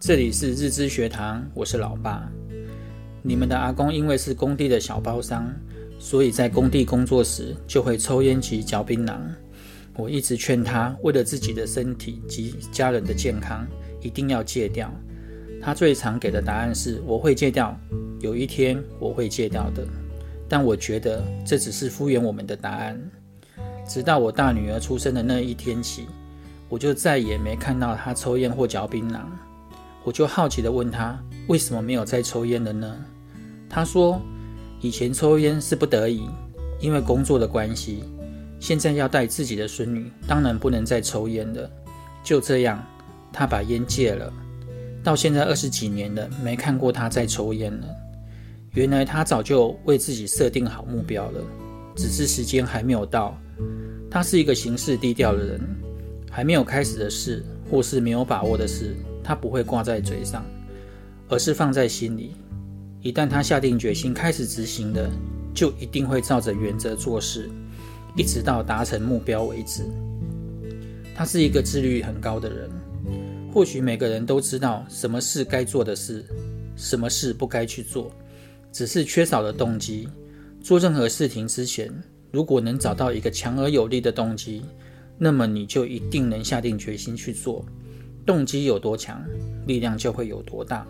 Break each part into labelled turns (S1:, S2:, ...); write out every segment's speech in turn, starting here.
S1: 這裡是日之學堂，我是老爸。你們的阿公因為是工地的小包商，所以在工地工作時就會抽菸及嚼檳榔。我一直勸他，為了自己的身體及家人的健康，一定要戒掉。他最常給的答案是：“我會戒掉，有一天我會戒掉的。”但我覺得這只是敷衍我們的答案。直到我大女兒出生的那一天起，我就再也沒看到他抽菸或嚼檳榔。我就好奇地問他：“為什麼沒有再抽煙了呢？”他說：“以前抽煙是不得已，因為工作的關係。現在要帶自己的孫女，當然不能再抽煙了。”就這樣，他把煙戒了。到現在二十幾年了，沒看過他再抽煙了。原來他早就為自己設定好目標了，只是時間還沒有到。他是一個行事低調的人，還沒有開始的事，或是沒有把握的事。他不會掛在嘴上，而是放在心裡。一旦他下定決心開始執行的，就一定會照着原則做事，一直到達成目標為止。他是一個自律很高的人。或許每個人都知道什麼是該做的事，什麼事不該去做，只是缺少了動機。做任何事情之前，如果能找到一個強而有力的動機，那麼你就一定能下定決心去做。動機有多強，力量就會有多大，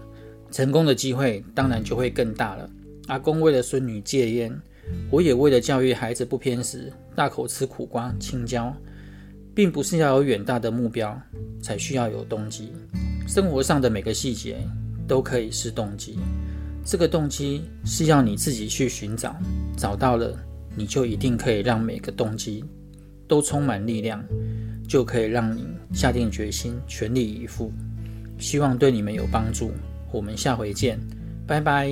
S1: 成功的機會當然就會更大了。阿公為了孫女戒菸，我也為了教育孩子不偏食，大口吃苦瓜、青椒，並不是要有遠大的目標才需要有動機，生活上的每個細節都可以是動機。這個動機是要你自己去尋找，找到了，你就一定可以讓每個動機都充滿力量，就可以讓你。下定決心，全力以赴。希望對你們有幫助。我們下回見，拜拜。